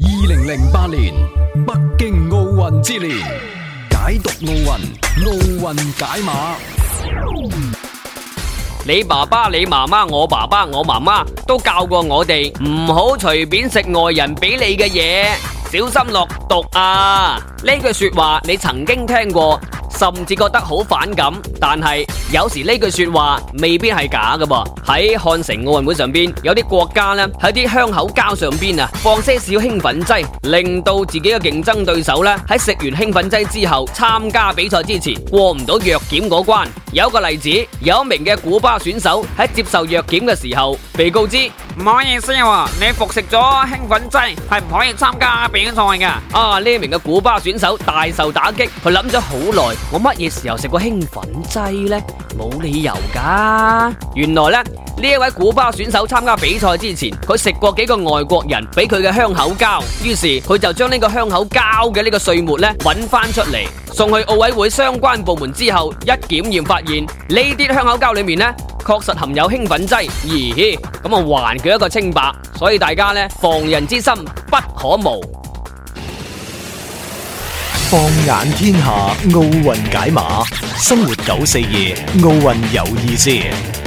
二零零八年北京奧運之年，解讀奧運，奧運解碼。你爸爸、你媽媽、我爸爸、我媽媽都教過我哋，唔好隨便食外人俾你嘅嘢，小心落毒啊！呢句說話你曾經聽過。甚至覺得好反感，但係有時呢句說話未必係假噶噃。喺漢城奧運會上邊，有啲國家咧，喺啲香口膠上面啊，放些少興奮劑，令到自己嘅競爭對手咧，喺食完興奮劑之後參加比賽之前過唔到藥檢嗰關。有個例子，有一名嘅古巴選手喺接受藥檢嘅時候被告知。唔好意思啊，你服食咗興奮劑係唔可以參加比賽嘅。啊，呢名嘅古巴選手大受打擊，佢諗咗好耐，我乜嘢時候食過興奮劑呢？冇理由噶。原來呢，呢一位古巴選手參加比賽之前，佢食過幾個外國人俾佢嘅香口膠，於是佢就將呢個香口膠嘅呢個碎末呢揾翻出嚟，送去奧委會相關部門之後一檢驗，發現呢啲香口膠裏面呢。確實含有興奮劑，咁啊還佢一個清白，所以大家呢，防人之心不可無。放眼天下，奧運解碼，生活有四夜，奧運有意思。